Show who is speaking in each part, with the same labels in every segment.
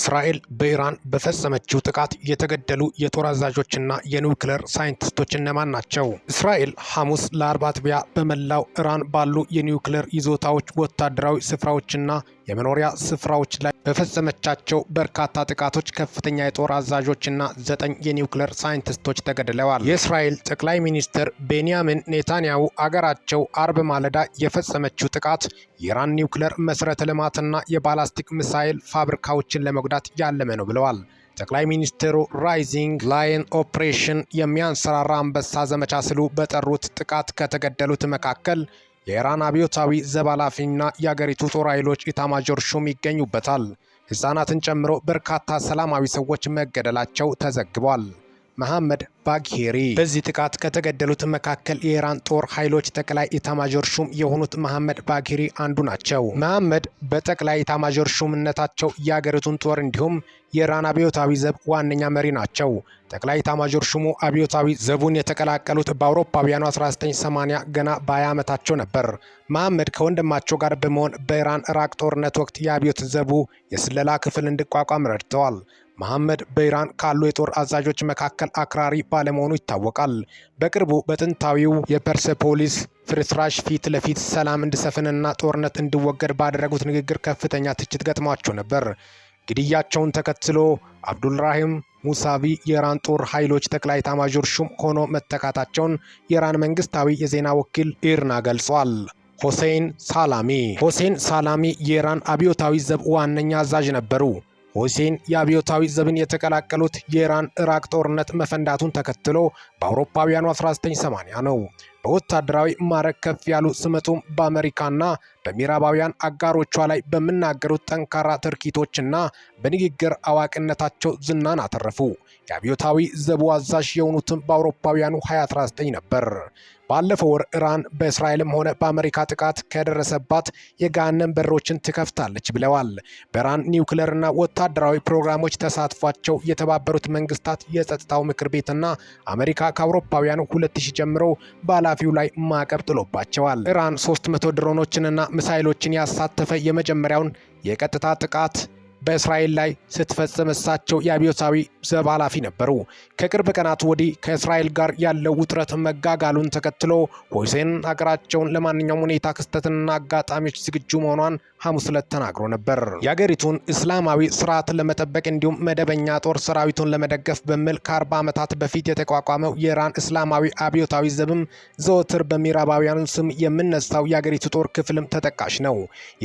Speaker 1: እስራኤል በኢራን በፈጸመችው ጥቃት የተገደሉ የጦር አዛዦችና የኒውክለር ሳይንቲስቶች እነማን ናቸው? እስራኤል ሐሙስ ለአርብ አጥቢያ በመላው ኢራን ባሉ የኒውክለር ይዞታዎች፣ ወታደራዊ ስፍራዎችና የመኖሪያ ስፍራዎች ላይ በፈጸመቻቸው በርካታ ጥቃቶች ከፍተኛ የጦር አዛዦችና ዘጠኝ የኒውክሌር ሳይንቲስቶች ተገድለዋል። የእስራኤል ጠቅላይ ሚኒስትር ቤንያሚን ኔታንያሁ አገራቸው አርብ ማለዳ የፈጸመችው ጥቃት የኢራን ኒውክሌር መሠረተ ልማትና የባላስቲክ ሚሳይል ፋብሪካዎችን ለመጉዳት ያለመ ነው ብለዋል። ጠቅላይ ሚኒስትሩ ራይዚንግ ላየን ኦፕሬሽን የሚያንሰራራ አንበሳ ዘመቻ ስሉ በጠሩት ጥቃት ከተገደሉት መካከል የኢራን አብዮታዊ ዘብ ኃላፊና የአገሪቱ ጦር ኃይሎች ኢታማዦር ሹም ይገኙበታል። ሕፃናትን ጨምሮ በርካታ ሰላማዊ ሰዎች መገደላቸው ተዘግቧል። መሐመድ ባግሄሪ። በዚህ ጥቃት ከተገደሉት መካከል የኢራን ጦር ኃይሎች ጠቅላይ ኢታማዦር ሹም የሆኑት መሐመድ ባግሄሪ አንዱ ናቸው። መሐመድ በጠቅላይ ኢታማዦር ሹምነታቸው የአገሪቱን ጦር እንዲሁም የኢራን አብዮታዊ ዘብ ዋነኛ መሪ ናቸው። ጠቅላይ ኢታማዦር ሹሙ አብዮታዊ ዘቡን የተቀላቀሉት በአውሮፓውያኑ 1980 ገና በ20 ዓመታቸው ነበር። መሐመድ ከወንድማቸው ጋር በመሆን በኢራን ኢራቅ ጦርነት ወቅት የአብዮት ዘቡ የስለላ ክፍል እንዲቋቋም ረድተዋል። መሐመድ በኢራን ካሉ የጦር አዛዦች መካከል አክራሪ ባለመሆኑ ይታወቃል። በቅርቡ በጥንታዊው የፐርሴፖሊስ ፍርስራሽ ፊት ለፊት ሰላም እንዲሰፍንና ጦርነት እንዲወገድ ባደረጉት ንግግር ከፍተኛ ትችት ገጥሟቸው ነበር። ግድያቸውን ተከትሎ አብዱልራሂም ሙሳቪ የኢራን ጦር ኃይሎች ጠቅላይ ታማዦር ሹም ሆኖ መተካታቸውን የኢራን መንግስታዊ የዜና ወኪል ኢርና ገልጿል። ሆሴን ሳላሚ ሆሴይን ሳላሚ የኢራን አብዮታዊ ዘብ ዋነኛ አዛዥ ነበሩ። ሁሴን የአብዮታዊ ዘብን የተቀላቀሉት የኢራን ኢራቅ ጦርነት መፈንዳቱን ተከትሎ በአውሮፓውያኑ 1980 ነው። በወታደራዊ ማዕረግ ከፍ ያሉ ስመቱም በአሜሪካና በምዕራባውያን አጋሮቿ ላይ በሚናገሩት ጠንካራ ትርኪቶችና በንግግር አዋቂነታቸው ዝናን አተረፉ። የአብዮታዊ ዘቡ አዛዥ የሆኑትም በአውሮፓውያኑ 2019 ነበር። ባለፈው ወር ኢራን በእስራኤልም ሆነ በአሜሪካ ጥቃት ከደረሰባት የገሃነም በሮችን ትከፍታለች ብለዋል። በኢራን ኒውክሌርና ወታደራዊ ፕሮግራሞች ተሳትፏቸው የተባበሩት መንግስታት የጸጥታው ምክር ቤትና አሜሪካ ከአውሮፓውያኑ 2000 ጀምሮ በኃላፊው ላይ ማዕቀብ ጥሎባቸዋል። ኢራን 300 ድሮኖችንና ሚሳይሎችን ያሳተፈ የመጀመሪያውን የቀጥታ ጥቃት በእስራኤል ላይ ስትፈጽም እሳቸው የአብዮታዊ ዘብ ኃላፊ ነበሩ። ከቅርብ ቀናት ወዲህ ከእስራኤል ጋር ያለው ውጥረት መጋጋሉን ተከትሎ ሆሴን ሀገራቸውን ለማንኛውም ሁኔታ ክስተትና አጋጣሚዎች ዝግጁ መሆኗን ሐሙስ ዕለት ተናግሮ ነበር። የአገሪቱን እስላማዊ ስርዓት ለመጠበቅ እንዲሁም መደበኛ ጦር ሰራዊቱን ለመደገፍ በሚል ከ40 ዓመታት በፊት የተቋቋመው የኢራን እስላማዊ አብዮታዊ ዘብም ዘወትር በምዕራባውያኑ ስም የምነሳው የአገሪቱ ጦር ክፍልም ተጠቃሽ ነው።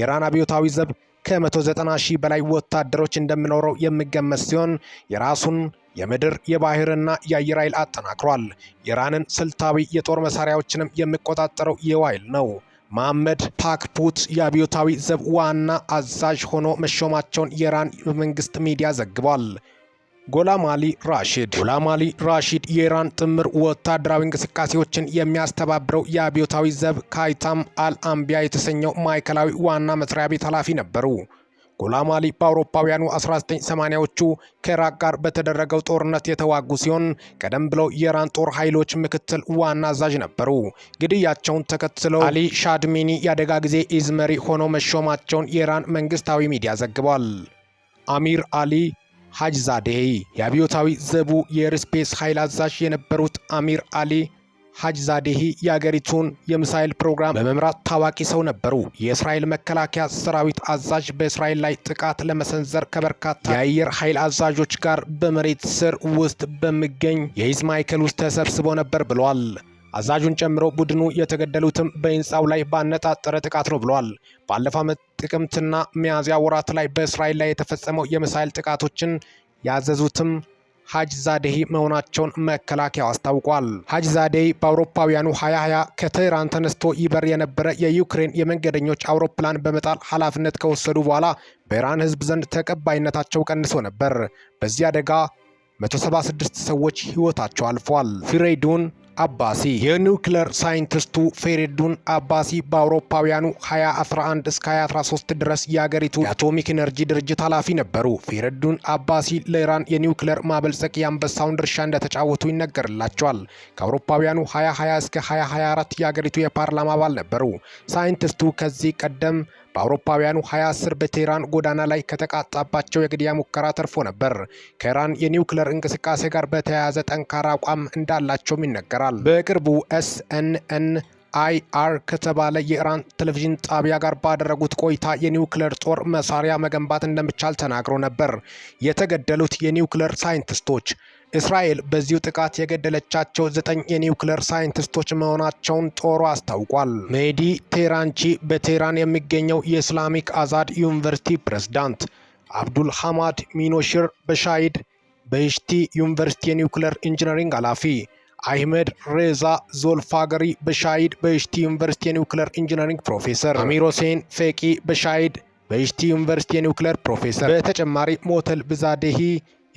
Speaker 1: የኢራን አብዮታዊ ዘብ ከ190 ሺህ በላይ ወታደሮች እንደሚኖረው የሚገመት ሲሆን የራሱን የምድር የባህርና የአየር ኃይል አጠናክሯል። የኢራንን ስልታዊ የጦር መሳሪያዎችንም የሚቆጣጠረው ይኸው ኃይል ነው። መሐመድ ፓክፑት የአብዮታዊ ዘብ ዋና አዛዥ ሆኖ መሾማቸውን የኢራን መንግስት ሚዲያ ዘግቧል። ጎላማሊ አሊ ራሺድ ራሽድ ራሺድ የኢራን ጥምር ወታደራዊ እንቅስቃሴዎችን የሚያስተባብረው የአብዮታዊ ዘብ ካይታም አልአምቢያ የተሰኘው ማዕከላዊ ዋና መስሪያ ቤት ኃላፊ ነበሩ። ጎላም አሊ በአውሮፓውያኑ 1980ዎቹ ከኢራቅ ጋር በተደረገው ጦርነት የተዋጉ ሲሆን ቀደም ብለው የኢራን ጦር ኃይሎች ምክትል ዋና አዛዥ ነበሩ። ግድያቸውን ተከትለው አሊ ሻድሚኒ የአደጋ ጊዜ ኢዝመሪ ሆነው መሾማቸውን የኢራን መንግስታዊ ሚዲያ ዘግቧል። አሚር አሊ ሐጅ የአብዮታዊ ዘቡ የኤርስፔስ ኃይል አዛዥ የነበሩት አሚር አሊ ሐጅ ዛዴሂ የአገሪቱን የምሳይል ፕሮግራም በመምራት ታዋቂ ሰው ነበሩ። የእስራኤል መከላከያ ሰራዊት አዛዥ በእስራኤል ላይ ጥቃት ለመሰንዘር ከበርካታ የአየር ኃይል አዛዦች ጋር በመሬት ስር ውስጥ በሚገኝ የኢዝማይከል ውስጥ ተሰብስቦ ነበር ብሏል። አዛዡን ጨምሮ ቡድኑ የተገደሉትም በህንፃው ላይ ባነጣጠረ ጥቃት ነው ብለዋል። ባለፈው ዓመት ጥቅምትና ሚያዝያ ወራት ላይ በእስራኤል ላይ የተፈጸመው የሚሳኤል ጥቃቶችን ያዘዙትም ሀጅ ዛዴሂ መሆናቸውን መከላከያው አስታውቋል። ሀጅ ዛዴሂ በአውሮፓውያኑ 2020 ከቴህራን ተነስቶ ይበር የነበረ የዩክሬን የመንገደኞች አውሮፕላን በመጣል ኃላፊነት ከወሰዱ በኋላ በኢራን ህዝብ ዘንድ ተቀባይነታቸው ቀንሶ ነበር። በዚህ አደጋ 176 ሰዎች ህይወታቸው አልፏል። ፊሬይዱን አባሲ የኒውክለር ሳይንቲስቱ ፌሬዱን አባሲ በአውሮፓውያኑ 2011 እስከ 2013 ድረስ የአገሪቱ የአቶሚክ ኤነርጂ ድርጅት ኃላፊ ነበሩ። ፌሬዱን አባሲ ለኢራን የኒውክለር ማበልጸቅ የአንበሳውን ድርሻ እንደተጫወቱ ይነገርላቸዋል። ከአውሮፓውያኑ 2020 እስከ 2024 የአገሪቱ የፓርላማ አባል ነበሩ። ሳይንቲስቱ ከዚህ ቀደም በአውሮፓውያኑ 2010 በቴህራን ጎዳና ላይ ከተቃጣባቸው የግድያ ሙከራ ተርፎ ነበር። ከኢራን የኒውክለር እንቅስቃሴ ጋር በተያያዘ ጠንካራ አቋም እንዳላቸውም ይነገራል። በቅርቡ ኤስኤንኤን አይአር ከተባለ የኢራን ቴሌቪዥን ጣቢያ ጋር ባደረጉት ቆይታ የኒውክለር ጦር መሳሪያ መገንባት እንደሚቻል ተናግሮ ነበር። የተገደሉት የኒውክለር ሳይንቲስቶች እስራኤል በዚሁ ጥቃት የገደለቻቸው ዘጠኝ የኒውክሌር ሳይንቲስቶች መሆናቸውን ጦሩ አስታውቋል። ሜዲ ቴራንቺ በቴህራን የሚገኘው የእስላሚክ አዛድ ዩኒቨርሲቲ ፕሬዝዳንት አብዱል ሐማድ ሚኖሽር በሻይድ በኢሽቲ ዩኒቨርሲቲ የኒውክሌር ኢንጂነሪንግ ኃላፊ አህመድ ሬዛ ዞልፋገሪ በሻይድ በኢሽቲ ዩኒቨርሲቲ የኒውክሌር ኢንጂነሪንግ ፕሮፌሰር፣ አሚር ሁሴን ፌቂ በሻይድ በኢሽቲ ዩኒቨርሲቲ የኒውክሌር ፕሮፌሰር በተጨማሪ ሞተል ብዛዴሂ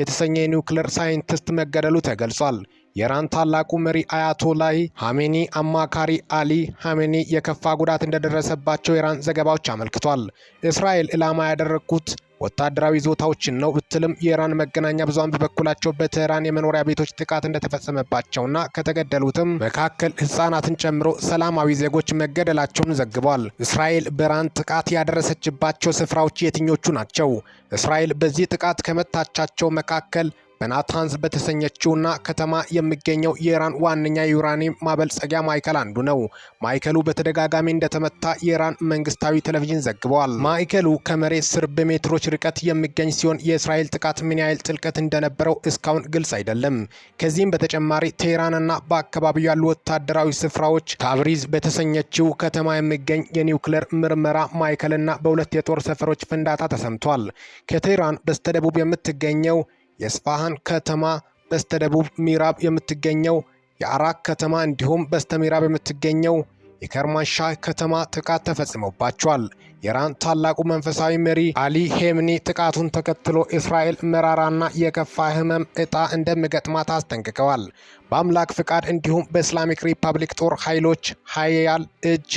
Speaker 1: የተሰኘ የኒውክሌር ሳይንቲስት መገደሉ ተገልጿል። የኢራን ታላቁ መሪ አያቶላይ ሐሜኒ አማካሪ አሊ ሐሜኒ የከፋ ጉዳት እንደደረሰባቸው የኢራን ዘገባዎች አመልክቷል። እስራኤል ኢላማ ያደረግኩት ወታደራዊ ይዞታዎችን ነው ብትልም የኢራን መገናኛ ብዙሃን በበኩላቸው በትህራን የመኖሪያ ቤቶች ጥቃት እንደተፈጸመባቸውና ከተገደሉትም መካከል ህጻናትን ጨምሮ ሰላማዊ ዜጎች መገደላቸውን ዘግቧል። እስራኤል በኢራን ጥቃት ያደረሰችባቸው ስፍራዎች የትኞቹ ናቸው? እስራኤል በዚህ ጥቃት ከመታቻቸው መካከል በናታንዝ በተሰኘችውና ከተማ የሚገኘው የኢራን ዋነኛ የዩራኒየም ማበልጸጊያ ማዕከል አንዱ ነው። ማዕከሉ በተደጋጋሚ እንደተመታ የኢራን መንግስታዊ ቴሌቪዥን ዘግበዋል። ማዕከሉ ከመሬት ስር በሜትሮች ርቀት የሚገኝ ሲሆን የእስራኤል ጥቃት ምን ያህል ጥልቀት እንደነበረው እስካሁን ግልጽ አይደለም። ከዚህም በተጨማሪ ቴህራንና በአካባቢው ያሉ ወታደራዊ ስፍራዎች ታብሪዝ በተሰኘችው ከተማ የሚገኝ የኒውክሌር ምርመራ ማዕከልና በሁለት የጦር ሰፈሮች ፍንዳታ ተሰምቷል። ከቴህራን በስተደቡብ የምትገኘው የስፋሃን ከተማ በስተደቡብ ምዕራብ የምትገኘው የአራክ ከተማ እንዲሁም በስተምዕራብ የምትገኘው የከርማንሻ ከተማ ጥቃት ተፈጽሞባቸዋል። የኢራን ታላቁ መንፈሳዊ መሪ አሊ ሄምኒ ጥቃቱን ተከትሎ እስራኤል መራራና የከፋ ህመም ዕጣ እንደሚገጥማት አስጠንቅቀዋል። በአምላክ ፍቃድ እንዲሁም በእስላሚክ ሪፐብሊክ ጦር ኃይሎች ሀያል እጅ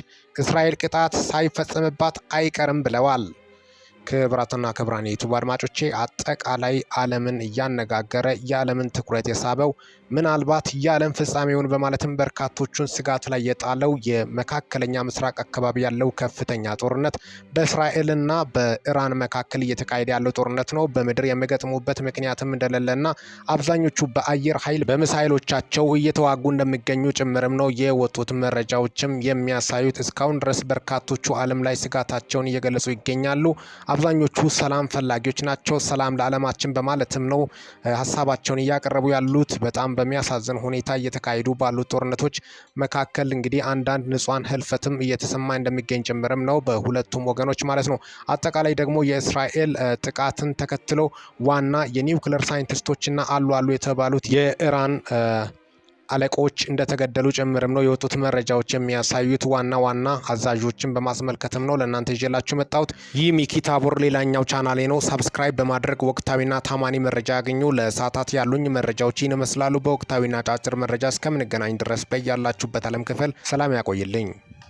Speaker 1: እስራኤል ቅጣት ሳይፈጸምባት አይቀርም ብለዋል። ክብራትና ክብራን የዩቱብ አድማጮቼ አጠቃላይ ዓለምን እያነጋገረ የዓለምን ትኩረት የሳበው ምናልባት የዓለም ፍጻሜውን በማለትም በርካቶቹን ስጋት ላይ የጣለው የመካከለኛ ምስራቅ አካባቢ ያለው ከፍተኛ ጦርነት በእስራኤልና በኢራን መካከል እየተካሄደ ያለው ጦርነት ነው። በምድር የሚገጥሙበት ምክንያትም እንደሌለና አብዛኞቹ በአየር ኃይል በሚሳይሎቻቸው እየተዋጉ እንደሚገኙ ጭምርም ነው የወጡት መረጃዎችም የሚያሳዩት። እስካሁን ድረስ በርካቶቹ ዓለም ላይ ስጋታቸውን እየገለጹ ይገኛሉ። አብዛኞቹ ሰላም ፈላጊዎች ናቸው። ሰላም ለዓለማችን በማለትም ነው ሀሳባቸውን እያቀረቡ ያሉት በጣም በሚያሳዝን ሁኔታ እየተካሄዱ ባሉት ጦርነቶች መካከል እንግዲህ አንዳንድ ንጹሐን ህልፈትም እየተሰማ እንደሚገኝ ጭምርም ነው በሁለቱም ወገኖች ማለት ነው። አጠቃላይ ደግሞ የእስራኤል ጥቃትን ተከትሎ ዋና የኒውክለር ሳይንቲስቶችና አሉ አሉ የተባሉት የኢራን አለቆች እንደተገደሉ ጭምርም ነው የወጡት መረጃዎች የሚያሳዩት። ዋና ዋና አዛዦችን በማስመልከትም ነው ለእናንተ ይዤላችሁ መጣሁት። ይህ ሚኪ ታቦር ሌላኛው ቻናሌ ነው። ሰብስክራይብ በማድረግ ወቅታዊና ታማኒ መረጃ ያገኙ። ለሰዓታት ያሉኝ መረጃዎች ይህን ይመስላሉ። በወቅታዊና ጫጭር መረጃ እስከምንገናኝ ድረስ በያላችሁበት አለም ክፍል ሰላም ያቆይልኝ።